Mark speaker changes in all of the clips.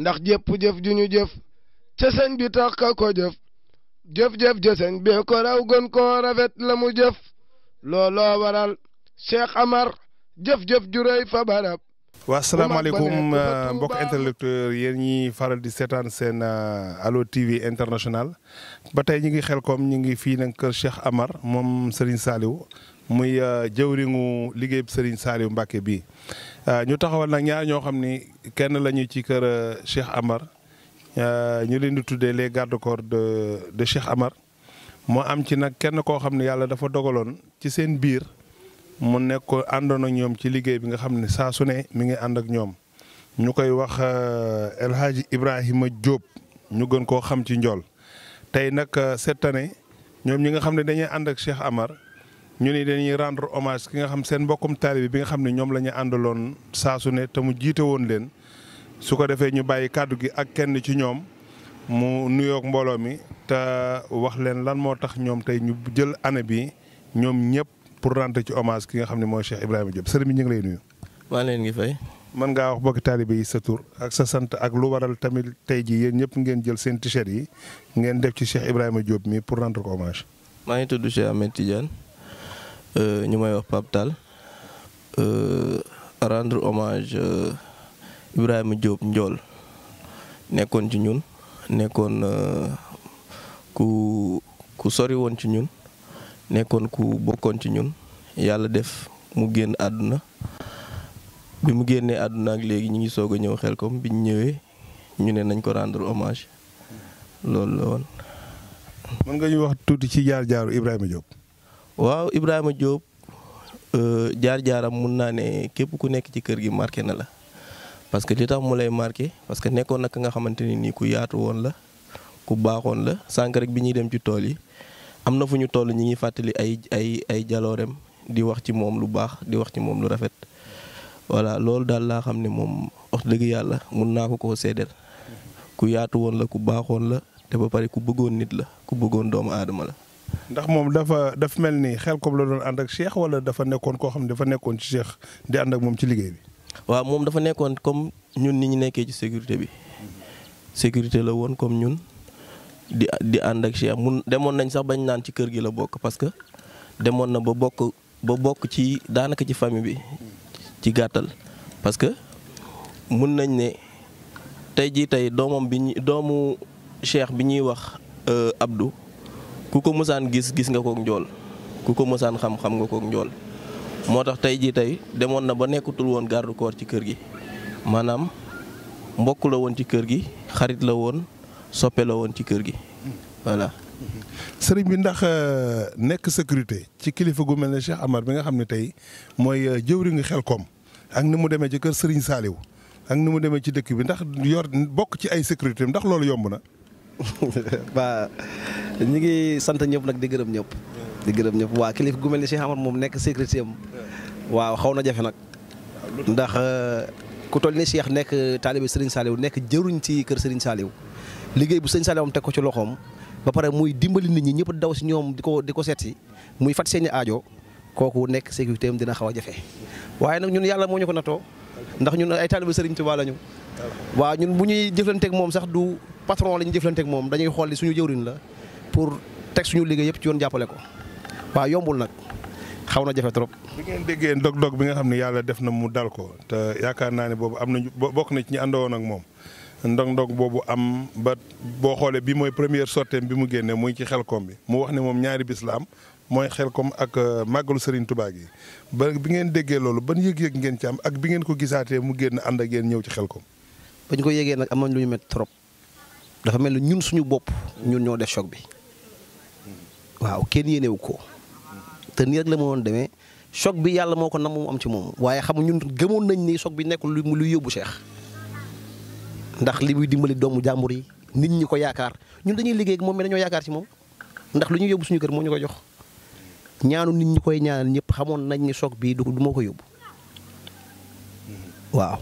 Speaker 1: ndax jëpp jëf ju ñu jëf ca bi tax ka ko jëf jëf-jëf ja sëñ bee ko raw gën koo rafet la mu jëf looloo waral Cheikh Amar jëf-jëf ju rëy fa barab waa asalaamaaleykum
Speaker 2: euh, mbokk interlocuteur yéen ñi faral di seetaan seen euh, Allo TV international ba tey ñi ngi xel koom ñi ngi fii nag kër Cheikh Amar moom Serigne Saliou muy euh, jëwriñu liggéey Serigne Saliou Mbacke bi euh, ñu taxawal nag ñaar ñoo xam ni kenn lañu ci kër euh, Cheikh Amar ñu leen di tuddee les gardes-corps de de Cheikh Amar moo am ci nag kenn koo xam ne yàlla dafa dogaloon ci seen biir mu nekk àndoon ak ñoom ci liggéey bi nga xam ne saa su ne mi ngi ànd ak ñoom ñu koy wax El Hadji Ibrahima Diop ñu gën koo xam ci njool tey nag cette année ñoom ñi nga xam ne dañuy ànd ak Cheikh Amar. ñu ni dañuy rendre hommage ki nga xam seen mbokkum taalibe bi nga xam ni ñoom la ñu àndaloon saa su ne te mu jiite woon leen su ko defee ñu bàyyi kàddu gi ak kenn ci ñoom mu nuyoog mbooloo mi ta wax len lan moo tax ñoom tey ñu jël année bi ñoom ñëpp pour rendre ci hommage ki nga xam ne mooy Cheikh Ibrahima Diop sëriñ bi ñu ngi lay nuyu.
Speaker 1: maa leen ngi fay.
Speaker 2: mën ngaa wax bokki taalibe yi sa tur ak sa sant ak lu waral tamit tey jii yéen ñëpp ngeen jël seen t-shirt yi ngeen def ci Cheikh Ibrahima Diop mi pour rendre
Speaker 1: ko hommage. ma ngi tudd Cheikh Ahmed Tidiane ñumay eh, wax pap tal euh rendre hommage eh, Ibrahima Diop Ndiol nekkon ci ñun nekkon eh, ku ku sori Won ci ñun nekkon ku bokkon ci ñun yalla def mu genn aduna bi mu genné aduna ak légui ñi ngi soga ñew xel kom bi ñu ñu né nañ ko rendre hommage lool la woon. mën nga ñu wax ci jaar jaaru Ibrahima Diop. waaw Ibrahima Diop euh, jaar-jaaram mun naa ne képp ku nekk ci kër gi marqué na la parce que li tax mu lay marqué parce que nekkoon nag ka nga xamante ni nii ku yaatu woon la ku baaxoon la sànq bi ñuy dem ci tool yi am na fu ñu toll ñi ngi fàttali ay ay jaloorem di wax ci moom lu baax di wax ci moom lu rafet voilà loolu daal laa xam ne moom wax dëgg yàlla mun naa ko koo seedeel ku yaatu woon la ku baaxoon la te ba pare ku bëggoon nit la ku bëggoon doomu aadama la.
Speaker 2: ndax moom dafa daf mel ni Xelcom la doon ànd ak Cheikh wala dafa nekkoon koo xam ne dafa nekkoon
Speaker 1: ci Cheikh di ànd ak moom ci liggéey bi. waaw moom dafa nekkoon comme ñun ni ñu nekkee ci sécurité bi sécurité la woon comme ñun di di ànd ak Cheikh mun demoon nañ sax bañ naan ci kër gi la bokk parce que demoon na ba bokk ba bokk ci daanaka ci famille bi ci gàttal parce que mun nañ ne tey jii tey doomam bi ñu doomu Cheikh bi ñuy wax euh, abdu ku ko mosaan gis gis nga kook njool ku ko mosaan xam xam nga kook njool moo tax tey jii tey demoon na ba nekkatul woon garde corps ci kër gi maanaam mbokk la woon ci kër gi xarit la woon soppe woon ci kër gi voilà.
Speaker 2: sëriñ bi ndax euh, nekk sécurité ci kilifa gu mel ne Cheikh Amar bi nga xam ne tey mooy nga euh, jëwriñu koom ak ni mu demee ci kër sëriñ Saaliw ak ni mu demee ci dëkk bi ndax yor
Speaker 3: bokk ci ay sécurité ndax loolu yomb na. waa ñu ngi sant ñëpp nag di gërëm ñëpp. gërëm ñëpp waa kilifa gu mel ni Cheikh Amar moom nekk secrétaire am waaw xaw na jafe nag. ndax ku toll ni Cheikh nekk taalibe Serigne Saliou nekk jëruñ ci kër Serigne Saliou liggéey bu Serigne Saliou am teg ko ci loxoom ba pare muy dimbali nit ñi ñëpp daw si ñoom di ko di ko seet si muy fat seeni aajo kooku nekk sécurité dina xaw a jafe waaye nag ñun yàlla moo ñu ko natoo ndax ñun ay taalibe Serigne Touba lañu. waaw ñun bu ñuy jëflanteeg patron la ñu jëflante moom dañuy xool li suñu jëwriñ la pour teg suñu liggéey yëpp ci yoon jàppale ko waa yombul nag xaw na jafe trop. bi ngeen déggee dog-dog
Speaker 2: bi nga xam ne yàlla def na mu dal ko te yaakaar naa ne boobu am nañu bokk na ci ñi àndoon ak moom ndog-ndog boobu am ba boo xoolee bi mooy première sortie bi mu génnee muy ci xelkom bi mu wax ne moom ñaari bis la am mooy xelkom ak euh, màggalu Serigne Touba gi ba bi ngeen déggee loolu ban yëg ngeen ci am ak bi ngeen ko gisaatee mu génn ànd ak yéen ñëw ci xelkom. bañ ko yëgee nag
Speaker 3: am nañ lu ñu métti trop dafa mel ni ñun suñu bopp ñun ñoo def choc bi waaw kenn yéenewu ko te nii rek la mënoon demee choc bi yàlla moo ko nam mu am ci moom waaye xam ñun gëmoon nañ ni soog bi nekkul lu luy yóbbu Cheikh ndax li muy dimbali doomu jàmbur yi nit ñi ko yaakaar ñun dañuy liggéey ak moom mais dañoo yaakaar ci moom ndax lu ñuy yóbbu suñu kër moo ñu ko jox ñaanu nit ñi koy ñaanal ñëpp xamoon nañ ni soog bii du moo ko yóbbu waaw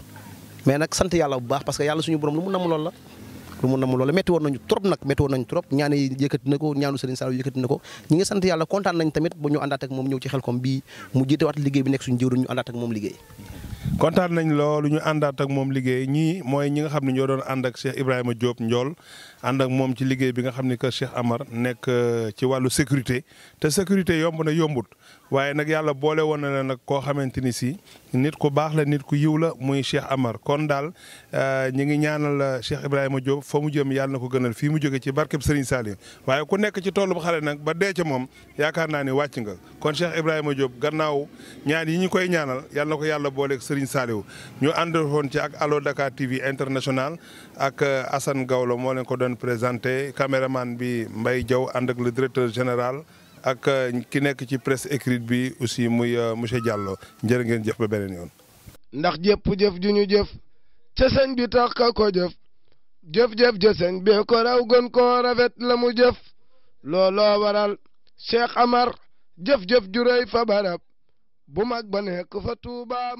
Speaker 3: mais nag sant yàlla bu baax parce que yàlla suñu borom lu mu nam lool la. lu mu namm loola métti woon nañu trop nag métti woon nañu trop ñaan yi yëkkati na ko ñaanu Serigne Saliou yëkkati na ko ñi ngi sant yàlla kontaan nañ tamit ba ñu àndaat ak moom ñëw ci Xelcom bii mu jiitewaat liggéey bi nekk suñu jëwriñ ñu àndaat moom liggéey kontaan nañ loolu ñu àndaat ak moom liggéey ñii mooy ñi nga xam ne ñoo doon
Speaker 2: ànd ak Cheikh Ibrahima Diop Ndiol ànd ak moom ci liggéey bi nga xam ne que Cheikh Amar nekk euh, ci wàllu sécurité te sécurité yomb na yombut waaye nag yàlla boole woon na la nag koo xamante ni si nit ku baax la nit ku yiw la muy Cheikh Amar kon daal euh, ñi ngi ñaanal euh, Cheikh Ibrahima Diop fa mu jëm yàlla na ko gënal fii mu jóge ci barke bi Serigne Salim waaye ku nekk ci toolu bu xale nag ba dee ca moom yaakaar naa ni wàcc nga kon Cheikh Ibrahima Diop gannaaw ñaan yi ñu koy ñaanal yàlla ko yàlla booleeg Serigne Saliou ñu àndoon ci ak Allo Dakar TV international ak euh, Assane Gawlo moo leen ko doon présenté caméraman bi Mbaye Diaw ànd ak directeur général. ak euh, ki nekk ci presse écrite bi aussi muy euh, monsieur Diallo njëriñ ngeen jëf ba beneen yoon.
Speaker 1: ndax jëpp jëf ju ñu jëf ca bi tax ka ko jëf jëf-jëf ja sëñ ko raw gën koo rafet la mu jëf looloo waral Cheikh Amar jëf-jëf ju fa barab bu mag ba nekk fa Tuuba